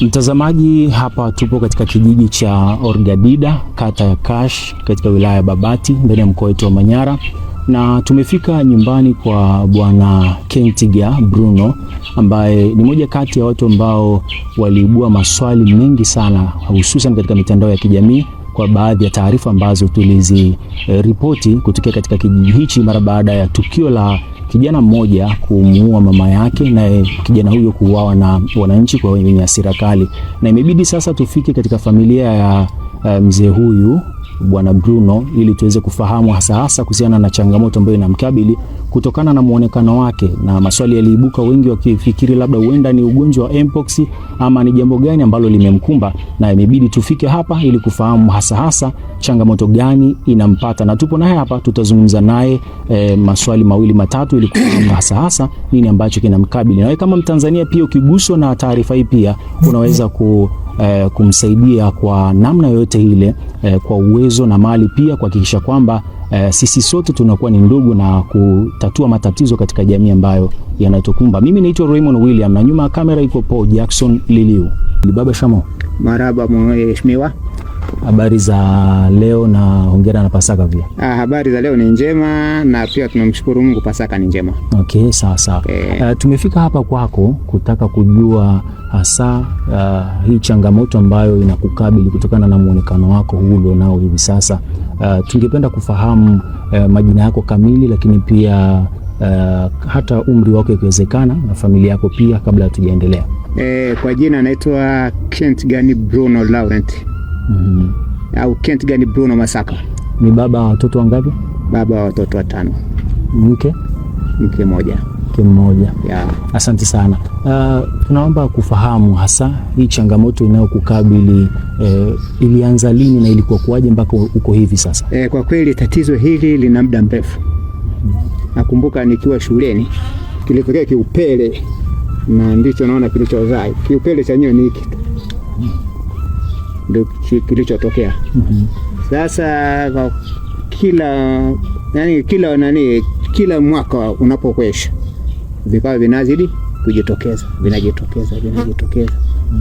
Mtazamaji, hapa tupo katika kijiji cha Orgadida kata ya Kash katika wilaya ya Babati ndani ya mkoa wetu wa Manyara, na tumefika nyumbani kwa bwana Kentiga Bruno ambaye ni moja kati ya watu ambao waliibua maswali mengi sana, hususan katika mitandao ya kijamii kwa baadhi ya taarifa ambazo tuliziripoti kutokea katika kijiji hichi mara baada ya tukio la kijana mmoja kumuua mama yake na kijana huyo kuuawa na wananchi kwa wenye hasira kali, na imebidi sasa tufike katika familia ya eh, mzee huyu Bwana Bruno ili tuweze kufahamu hasa hasa kuhusiana na changamoto ambayo inamkabili Kutokana na muonekano wake na maswali yaliibuka, wengi wakifikiri labda huenda ni ugonjwa wa mpox ama ni jambo gani ambalo limemkumba, na imebidi tufike hapa ili kufahamu hasa hasa changamoto gani inampata, na tupo naye hapa, tutazungumza naye e, maswali mawili matatu ili kufahamu hasa hasa nini ambacho kinamkabili. Na wewe kama Mtanzania pia ukiguswa na taarifa hii pia unaweza ku Eh, kumsaidia kwa namna yoyote ile eh, kwa uwezo na mali pia kuhakikisha kwamba e, sisi sote tunakuwa ni ndugu na kutatua matatizo katika jamii ambayo yanatukumba. Mimi naitwa Raymond William na nyuma ya kamera iko Paul Jackson Liliu. Baba Shamo. maraba mheshimiwa. Habari za leo na hongera na Pasaka pia. Ah, habari za leo ni njema na pia tunamshukuru Mungu, Pasaka ni njema. Okay, sawa sawa. Okay. Uh, eh. ah, tumefika hapa kwako kutaka kujua hasa uh, hii changamoto ambayo inakukabili kutokana na muonekano wako huu ulionao hivi sasa. Uh, tungependa kufahamu uh, majina yako kamili, lakini pia uh, hata umri wako ikiwezekana na familia yako pia, kabla hatujaendelea. Eh, kwa jina naitwa Kent Gani Bruno Laurent mm -hmm. au Kent gani Bruno Masaka ni baba wa watoto wangapi? Baba wa watoto watano. Mke? Mke moja Mke mmoja. Yeah. Asante sana. Uh, tunaomba kufahamu hasa hii changamoto inayokukabili eh, ilianza lini na ilikuwa kuwaje mpaka uko hivi sasa? Eh, kwa kweli tatizo hili lina muda mrefu. Nakumbuka nikiwa shuleni kilitokea kiupele na ndicho naona kilichozaa. Kiupele chenyewe ni hiki ndio kilichotokea. Mhm. Sasa mm -hmm. kila yani, kila nani, kila mwaka unapokwesha vikao vinazidi kujitokeza vinajitokeza vinajitokeza. mm.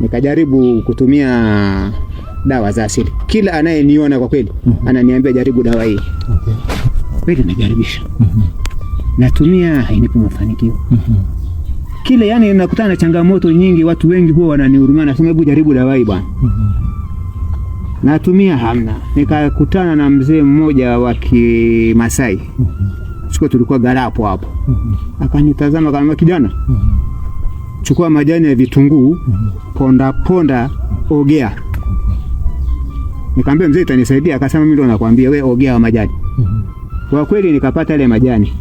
Nikajaribu kutumia dawa za asili. Kila anayeniona kwa kweli mm -hmm. ananiambia jaribu dawa hii okay. Kweli najaribisha mm -hmm. natumia, hainipi mafanikio mm -hmm kile yani nakutana na changamoto nyingi, watu wengi huwa wananihurumia, nasema hebu jaribu dawai bwana. Mhm. Natumia hamna. Nikakutana na mzee mmoja wa Kimasai mhm. siku tulikuwa garapo hapo mhm. akanitazama kama kijana chukua majani ya vitunguu ponda ponda, ogea. Nikamwambia mzee, itanisaidia? Akasema mimi ndo nakwambia, we ogea wa majani kwa kweli nikapata ile majani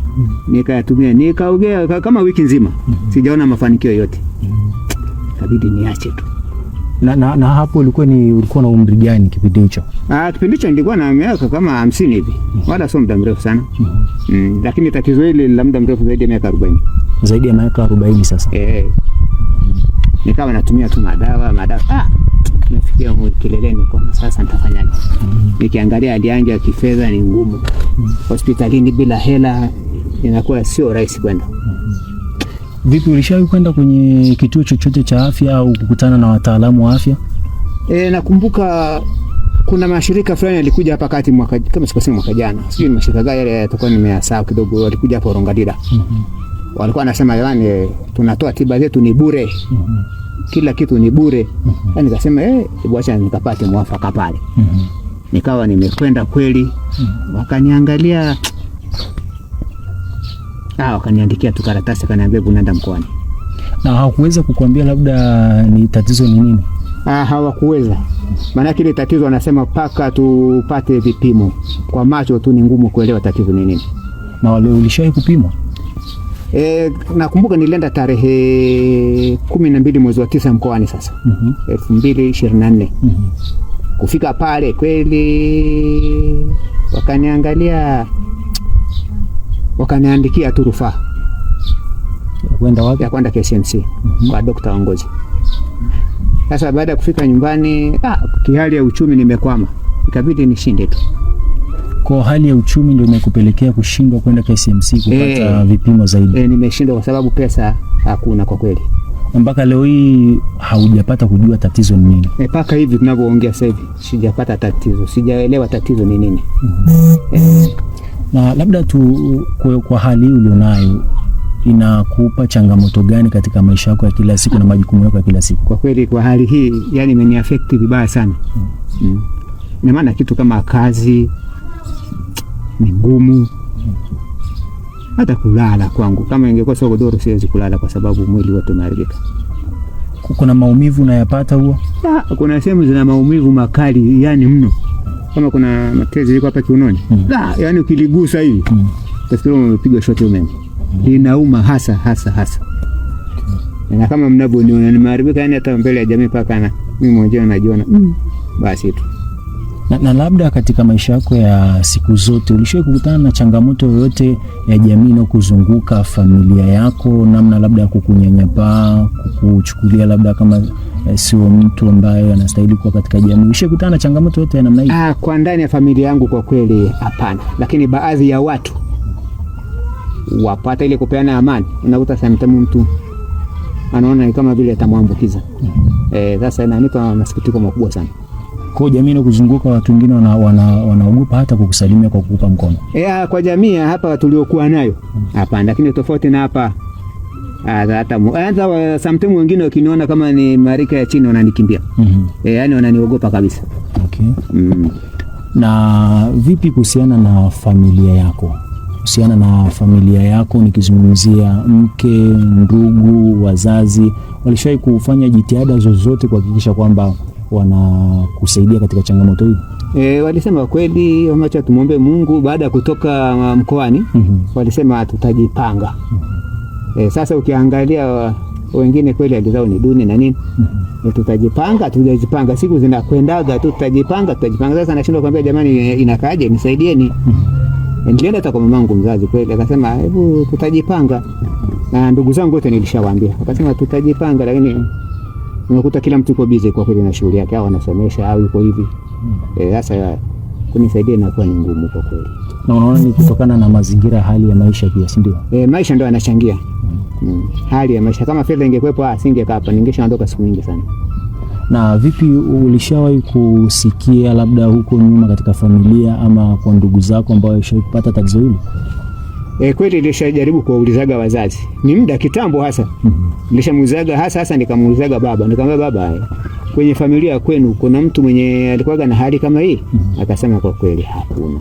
nikayatumia, nikaogea kama wiki nzima, sijaona mafanikio yote, ikabidi niache tu. Na, na, na hapo ulikuwa ni ulikuwa na umri gani kipindi hicho? Ah, kipindi hicho nilikuwa na miaka kama hamsini hivi. Wala sio muda mrefu sana. Mm Mm, lakini tatizo hili la muda mrefu zaidi ya miaka 40. Zaidi ya miaka 40 sasa. Eh, eh. Nikawa natumia tu madawa, madawa. Ah, nifikia kileleni kwa sasa, nitafanyaje? Nikiangalia hali yangu ya kifedha ni ngumu, hospitalini bila hela inakuwa sio rahisi kwenda. Vipi, ulishawahi kwenda kwenye kituo chochote cha afya au kukutana na wataalamu wa afya? E, nakumbuka kuna mashirika fulani yalikuja hapa kati mwaka, kama sikosema mwaka jana, sijui ni mashirika gani yale, yatakuwa nimeyasahau kidogo. Walikuja hapa Rongadira. mm -hmm walikuwa wanasema yani, tunatoa tiba zetu ni bure mm -hmm. kila kitu ni bure mm -hmm. Nikasema eh, nikapate mwafaka pale mm -hmm. Nikawa nimekwenda kweli mm -hmm. Wakaniangalia ah, wakaniandikia tu karatasi, kaniambia Bunanda mkoani. Na hawakuweza kukuambia labda ni tatizo ni nini? Ah, hawakuweza maana kile tatizo wanasema mpaka tupate vipimo kwa macho tu, ni ngumu kuelewa tatizo ni nini. Na wale ulishawahi kupimwa? E, nakumbuka nilienda tarehe kumi na mbili mwezi wa tisa mkoani sasa mhm. elfu mbili ishirini na nne mhm. kufika pale kweli wakaniangalia wakaniandikia tu rufaa kwenda wapi? Kwenda KCMC mm-hmm. kwa Dokta Wangozi. Sasa baada ya kufika nyumbani, ah, kihali ya uchumi nimekwama, ikabidi nishinde tu. Kwa hali ya uchumi ndio imekupelekea kushindwa kwenda KCMC kupata e, vipimo zaidi? E, nimeshindwa kwa sababu pesa hakuna kwa kweli. Mpaka leo hii haujapata kujua tatizo ni nini? Eh, mpaka e, hivi tunavyoongea sasa hivi sijapata tatizo, sijaelewa tatizo ni nini. mm -hmm. E, na labda tu kwa, kwa hali hii ulionayo inakupa changamoto gani katika maisha yako ya kila siku na majukumu yako ya kila siku? Kwa kweli kwa hali hii yani imeniaffect vibaya sana. mm. Mm. Ina maana kitu kama kazi ni ngumu hata kulala kwangu. Kama ingekuwa sio godoro, siwezi kulala kwa sababu mwili wote umeharibika. Kuna maumivu unayapata huo? Kuna sehemu zina maumivu makali, yani mno, kama kuna matezi iko hapa kiunoni mm. yani ukiligusa hivi mm. utafikiri umepigwa shoti umeme mm. linauma hasa hasa hasa mm. na kama mnavyoniona nimeharibika, yani hata mbele ya jamii paka na mimi mwenyewe najiona mm. basi tu na, na labda katika maisha yako ya siku zote ulishawahi kukutana na changamoto yoyote ya jamii inayokuzunguka, familia yako, namna labda ya kukunyanyapaa, kukuchukulia labda kama eh, sio mtu ambaye anastahili kuwa katika jamii? Ulishawahi kukutana na changamoto yote ya namna hii? Ah, kwa ndani ya familia yangu kwa kweli hapana, lakini baadhi ya watu wapata ile kupeana amani, unakuta samtamu mtu anaona ni kama vile atamwambukiza. Mm -hmm. Eh, sasa inanipa masikitiko makubwa sana. Kwa jamii inakuzunguka watu wengine wanaogopa wana, wana hata kukusalimia kwa kukupa mkono. Yeah, kwa jamii hapa tuliokuwa nayo hmm. hapana, lakini tofauti na hapa hata sometimes wengine wakiniona kama ni marika ya chini wananikimbia. mm -hmm. E, yani wananiogopa kabisa. Okay. Mm. Na vipi kuhusiana na familia yako? Kuhusiana na familia yako nikizungumzia mke, ndugu, wazazi, walishawahi kufanya jitihada zozote kuhakikisha kwamba wanakusaidia katika changamoto hii? E, walisema kweli wameacha tumwombe Mungu baada ya kutoka mkoani. mm -hmm. Walisema tutajipanga. mm -hmm. E, sasa ukiangalia wengine kweli hali zao ni duni na nini. mm -hmm. E, tutajipanga, tujajipanga siku zinakwendaga tu, tutajipanga, tutajipanga. Sasa nashindwa kuambia jamani, inakaaje, nisaidieni. mm -hmm. E, nilienda hata kwa mamangu mzazi kweli, akasema hebu tutajipanga, na ndugu zangu wote nilishawaambia, akasema tutajipanga, lakini unakuta kila mtu yuko busy kwa kweli na shughuli yake, au anasomesha au yuko hivi sasa. hmm. E, kunisaidia inakuwa ni ngumu kwa kweli, na unaona ni kutokana na mazingira, hali ya maisha pia, si ndio? E, maisha ndio yanachangia. hmm. hmm. hali ya maisha, kama fedha ingekuwepo asingekaa ah, hapa, ningeshaondoka siku nyingi sana. Na vipi, ulishawahi kusikia labda huko nyuma katika familia ama kwa ndugu zako ambao ishawahi kupata tatizo hili? E, kweli nilishajaribu kuwaulizaga wazazi ni muda kitambo hasa mhm. nilishamuulizaga mm -hmm. hasa hasa nikamuulizaga baba, nikamwambia baba, eh, kwenye familia kwenu kuna mtu mwenye alikuwaga na hali kama hii mm -hmm. akasema kwa kweli hakuna.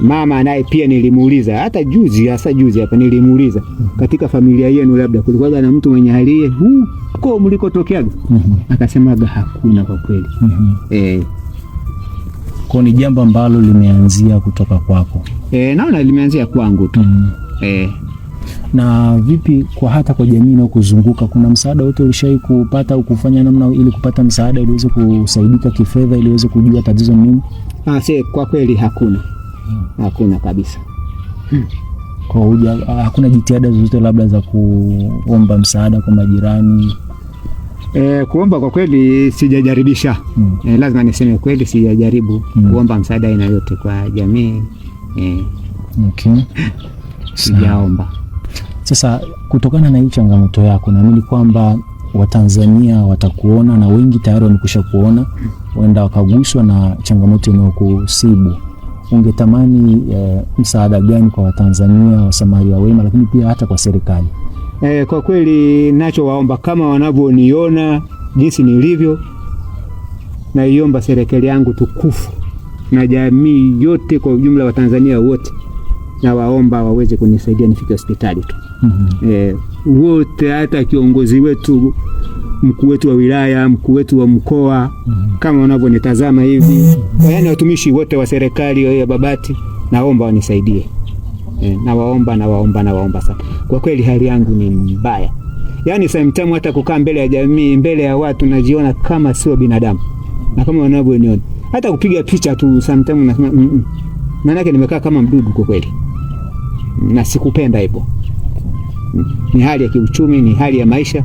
Mama naye pia nilimuuliza, hata juzi, hasa juzi hapa nilimuuliza mhm. katika familia yenu labda kulikuwaga na mtu mwenye hali hii huko mlikotokeaga? mm -hmm. akasemaga hakuna kwa kweli. mm -hmm. eh, kwa ni jambo ambalo limeanzia kutoka kwako E, naona limeanzia kwangu tu mm. E. Na vipi kwa hata kwa jamii inayokuzunguka, kuna msaada wote ulishai kupata au kufanya namna ili kupata msaada ili uweze kusaidika kifedha ili uweze kujua tatizo nini? Ah, si kwa kweli hakuna hmm. Hakuna kabisa hmm. Kwa uja, ah, hakuna jitihada zozote labda za kuomba msaada kwa majirani? E, kuomba kwa kweli sijajaribisha hmm. E, lazima niseme kweli sijajaribu hmm. kuomba msaada aina yote kwa jamii Mm. Okay. Sijaomba. Sasa kutokana na hii changamoto yako, naamini kwamba Watanzania watakuona na wengi tayari wamekusha kuona, waenda wakaguswa na changamoto inayokusibu. Ungetamani e, msaada gani kwa Watanzania wasamaria wema, lakini pia hata kwa serikali? E, kwa kweli nachowaomba kama wanavyoniona jinsi nilivyo, naiomba serikali yangu tukufu na jamii yote kwa ujumla, Watanzania wote na waomba waweze kunisaidia nifike hospitali tu mm -hmm. E, wote hata kiongozi wetu mkuu wetu wa wilaya, mkuu wetu wa mkoa mm -hmm. kama wanavyonitazama hivi, yaani watumishi wote wa serikali ya Babati naomba wanisaidie e, nawaomba nawaomba nawaomba sana kwa kweli, hali yangu ni mbaya, yaani sometimes hata kukaa mbele ya jamii, mbele ya watu najiona kama sio binadamu na kama wanavyoniona hata kupiga picha tu sometimes unasema mm -mm. Maana yake nimekaa kama mdudu kwa kweli, na sikupenda hivyo. Ni hali ya kiuchumi, ni hali ya maisha,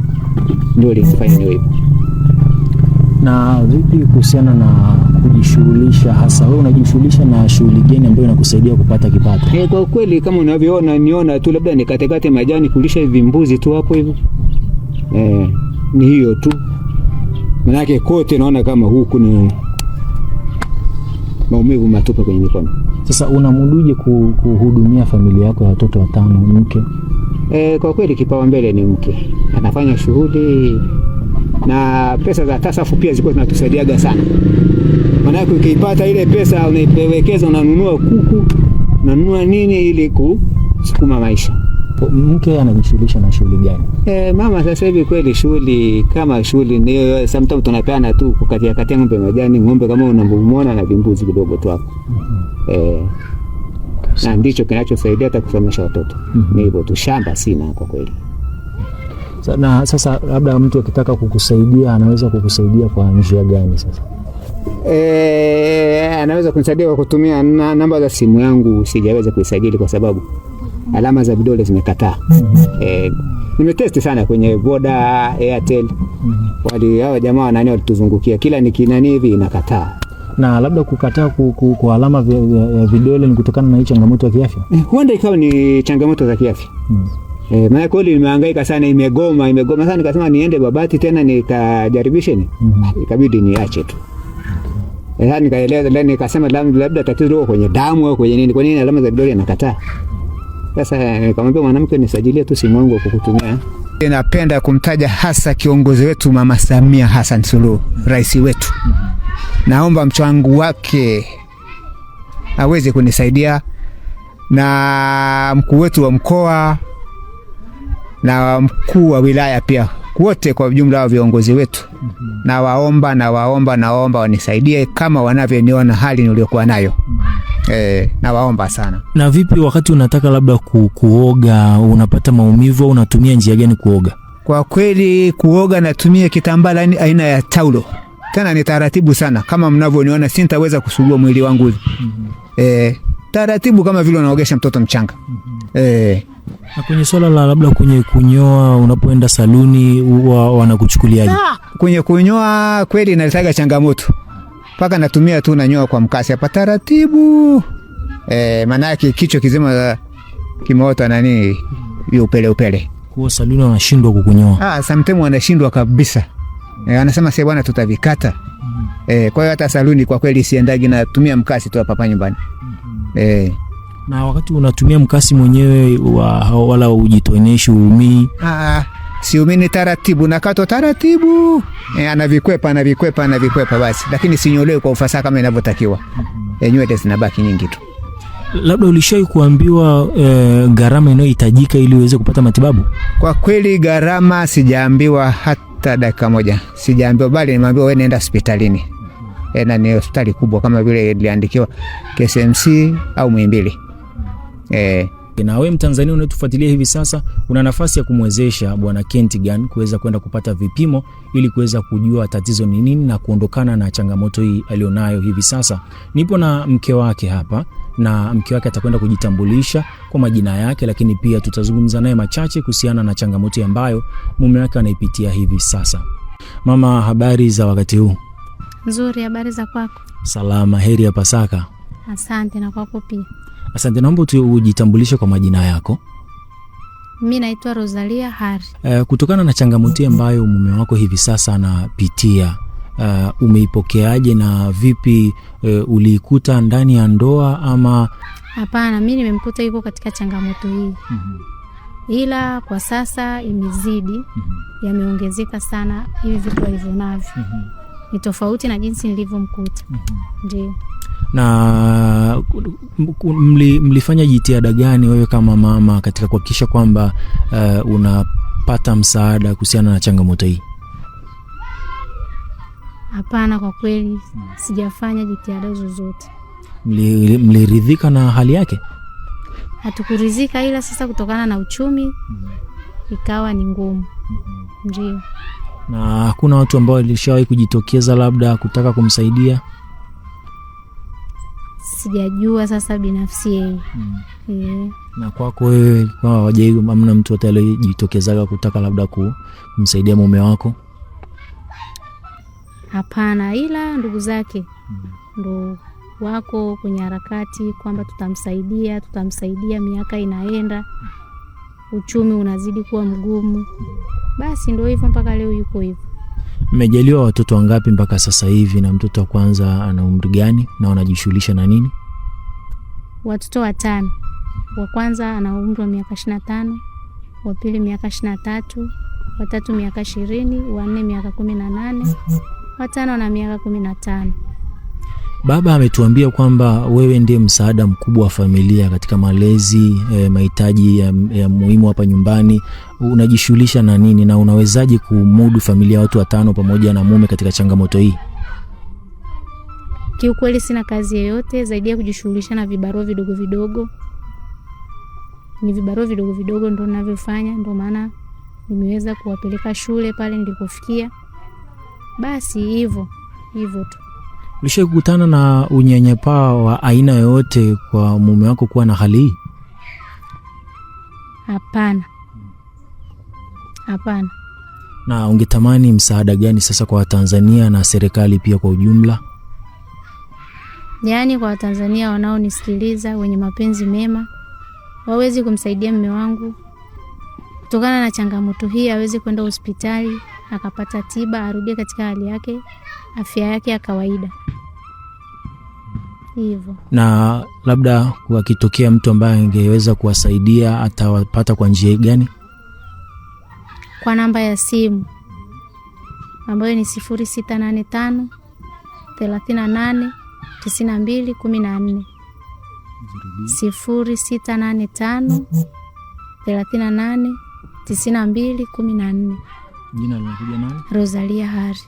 ndio ilinifanya niwe hivyo. Na vipi kuhusiana na kujishughulisha, hasa wewe unajishughulisha na shughuli gani ambayo inakusaidia kupata kipato? Eh, kwa kweli kama unavyoona niona tu labda nikatekate majani kulisha hivi mbuzi tu hapo hivyo. Eh, ni hiyo tu. Maana kote naona kama huku ni maumivu matupe kwenye mikono. Sasa unamuduje kuhudumia familia yako ya watoto watano, mke? E, kwa kweli kipawa mbele ni mke, anafanya shughuli na pesa za tasafu pia zilikuwa zinatusaidiaga sana, maanake ukiipata ile pesa unaipewekeza, unanunua kuku, unanunua nini ili kusukuma maisha mke anajishughulisha na shughuli gani? Eh, mama sasa hivi kweli shughuli kama shughuli niyo, sometimes tunapeana tu kukatia katia ng'ombe majani. Ng'ombe kama unamuona na vimbuzi kidogo tu hapo mm-hmm. eh, na ndicho kinachosaidia hata kusomesha watoto mm -hmm. ni hivyo tu, shamba sina kwa kweli na sasa labda mtu akitaka kukusaidia anaweza kukusaidia kwa njia gani? Sasa Eh, anaweza kunisaidia kwa kutumia na, namba za simu yangu sijaweza kuisajili kwa sababu alama za vidole zimekataa. Mhm. E, eh, nimetesti sana kwenye Voda, Airtel, wali hao jamaa wanani walituzungukia, kila nikinani hivi inakataa na labda kukataa ku, ku, ku alama ya vidole ni kutokana na hii changamoto ya kiafya. Eh, huenda ikawa ni changamoto za kiafya hmm. E, maana kweli nimehangaika sana, imegoma imegoma sana, nikasema niende Babati tena nikajaribishe ni hmm. Ikabidi niache tu e, nikaeleza, nikasema labda tatizo liko kwenye damu au kwenye nini, kwa nini alama za vidole nakataa sasa nikamwambia eh, mwanamke, nisajilie tu simu yangu kukutumia. kutumia. Napenda kumtaja hasa kiongozi wetu Mama Samia Hassan Suluhu, rais wetu. Naomba mchango wake aweze kunisaidia na mkuu wetu wa mkoa na mkuu wa wilaya pia, wote kwa ujumla wa viongozi wetu, nawaomba nawaomba nawaomba wanisaidie kama wanavyoniona hali niliyokuwa nayo eh, nawaomba sana. Na vipi, wakati unataka labda ku, kuoga unapata maumivu au unatumia njia gani kuoga? Kwa kweli kuoga natumia kitambaa aina ya taulo, tena ni taratibu sana, kama mnavyoniona sintaweza kusugua mwili wangu mm -hmm. eh, taratibu kama vile unaogesha mtoto mchanga mm -hmm. eh, na kwenye swala la labda kwenye kunyoa, unapoenda saluni wanakuchukuliaje? Kwenye kunyoa kweli inaletaga changamoto mpaka natumia tu nanyoa kwa mkasi hapa taratibu e, eh, maanake kichwa kizima kimeota nani hiyo upele upele. Kwa saluni wanashindwa kukunyoa. Ah, sometimes wanashindwa kabisa. E, eh, anasema sasa bwana tutavikata. E, kwa hiyo hata saluni kwa kweli siendagi, natumia mkasi tu hapa nyumbani. E. Na wakati unatumia mkasi mwenyewe wa, wala ujitoneshi uumii. Ah, si umini taratibu nakatwa taratibu e, anavikwepa anavikwepa anavikwepa basi, lakini sinyolewe kwa ufasaha kama inavyotakiwa. E, nywele zinabaki nyingi tu. Labda ulishai kuambiwa e, gharama inayohitajika ili uweze kupata matibabu? Kwa kweli gharama sijaambiwa hata dakika moja, sijaambiwa, bali nimeambiwa wewe nenda hospitalini e, na ni hospitali kubwa kama vile iliandikiwa ksmc au Muhimbili eh na wewe Mtanzania unayetufuatilia hivi sasa, una nafasi ya kumwezesha Bwana Kentigan kuweza kwenda kupata vipimo ili kuweza kujua tatizo ni nini na kuondokana na changamoto hii alionayo hivi sasa. Nipo na mke wake hapa na mke wake atakwenda kujitambulisha kwa majina yake, lakini pia tutazungumza naye machache kuhusiana na changamoto ambayo mume wake anaipitia hivi sasa. Mama, habari za wakati huu? Nzuri, habari za kwako? Salama, heri ya Pasaka. Asante na kwako pia. Asante, naomba tu ujitambulishe kwa majina yako. Mi naitwa Rosalia Hari. Uh, kutokana na changamoto ambayo mume wako hivi sasa anapitia uh, umeipokeaje na vipi uh, uliikuta ndani ya ndoa ama? Hapana, mi nimemkuta yuko katika changamoto hii mm -hmm. ila kwa sasa imezidi mm -hmm. yameongezeka sana hivi vitu alivyonavyo mm -hmm. ni tofauti na jinsi nilivyomkuta mm -hmm. ndio na mli, mlifanya jitihada gani wewe kama mama katika kuhakikisha kwamba uh, unapata msaada kuhusiana na changamoto hii? Hapana, kwa kweli sijafanya jitihada zozote. Mliridhika mli na hali yake? Hatukuridhika, ila sasa kutokana na uchumi mm -hmm. ikawa ni ngumu ndio mm -hmm. na hakuna watu ambao walishawahi kujitokeza labda kutaka kumsaidia sijajua sasa binafsi yeye mm. yeah. Na kwako wewe kwa amna mtu yote aliyejitokezaga kutaka labda kumsaidia mume wako? Hapana, ila ndugu zake mm. ndo wako kwenye harakati kwamba tutamsaidia, tutamsaidia. Miaka inaenda, hmm. uchumi unazidi kuwa mgumu, hmm. basi ndo hivyo mpaka leo yuko hivyo. Mmejaliwa watoto wangapi mpaka sasa hivi, na mtoto wa kwanza ana umri gani na wanajishughulisha na nini? Watoto watano. Wa kwanza ana umri wa miaka ishirini na tano, wa pili miaka ishirini na tatu, watatu miaka ishirini, wanne miaka kumi na nane, watano na miaka kumi na tano. Baba ametuambia kwamba wewe ndiye msaada mkubwa wa familia katika malezi eh, mahitaji ya, ya muhimu hapa nyumbani. Unajishughulisha na nini na unawezaje kumudu familia ya watu watano pamoja na mume katika changamoto hii? Kiukweli sina kazi yoyote zaidi ya kujishughulisha na vibarua vidogo vidogo. Ni vibarua vidogo vidogo ndo ninavyofanya, ndo maana nimeweza kuwapeleka shule pale nilikofikia. Basi hivyo hivyo tu. Ulishawahi kukutana na unyanyapaa wa aina yoyote kwa mume wako kuwa na hali hii? Hapana, hapana. Na ungetamani msaada gani sasa kwa Watanzania na serikali pia kwa ujumla? Yaani, kwa Watanzania wanaonisikiliza wenye mapenzi mema wawezi kumsaidia mume wangu kutokana na changamoto hii, aweze kwenda hospitali akapata tiba, arudie katika hali yake afya yake ya kawaida hivyo. Na labda wakitokea mtu ambaye angeweza kuwasaidia atawapata kwa njia gani? Kwa namba ya simu ambayo ni sifuri sita nane tano thelathini na nane tisini na mbili kumi na nne sifuri sita nane tano thelathini na nane tisini na mbili kumi na nne. Jina linakuja nani? Rosalia Hari.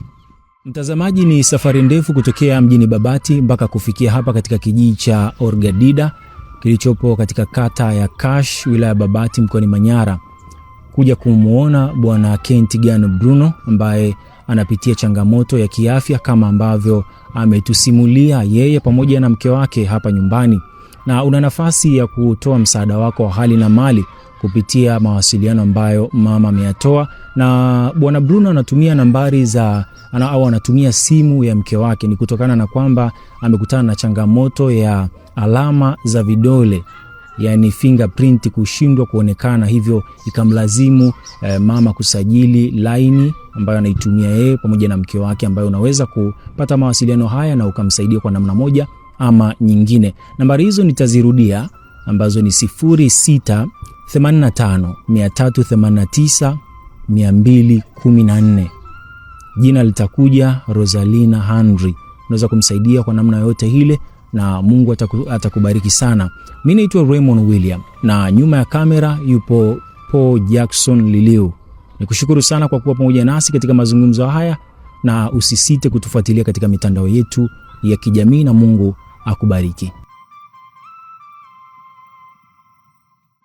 Mtazamaji, ni safari ndefu kutokea mjini Babati mpaka kufikia hapa katika kijiji cha Orgadida kilichopo katika kata ya Kash, wilaya ya Babati, mkoani Manyara, kuja kumwona Bwana Kentigano Bruno ambaye anapitia changamoto ya kiafya kama ambavyo ametusimulia yeye pamoja na mke wake hapa nyumbani na una nafasi ya kutoa msaada wako wa hali na mali kupitia mawasiliano ambayo mama ameyatoa, na bwana Bruno anatumia nambari za ana, au anatumia simu ya mke wake. Ni kutokana na kwamba amekutana na changamoto ya alama za vidole yani fingerprint kushindwa kuonekana, hivyo ikamlazimu eh, mama kusajili laini ambayo anaitumia yeye pamoja na mke wake, ambayo unaweza kupata mawasiliano haya na ukamsaidia kwa namna moja ama nyingine. Nambari hizo nitazirudia ambazo ni 06 85 389 Jina litakuja Rosalina Henry. Unaweza kumsaidia kwa namna yoyote ile na Mungu ataku, atakubariki sana. Mimi naitwa Raymond William na nyuma ya kamera yupo Paul Jackson Liliu. Nikushukuru sana kwa kuwa pamoja nasi katika mazungumzo haya na usisite kutufuatilia katika mitandao yetu ya kijamii na Mungu akubariki.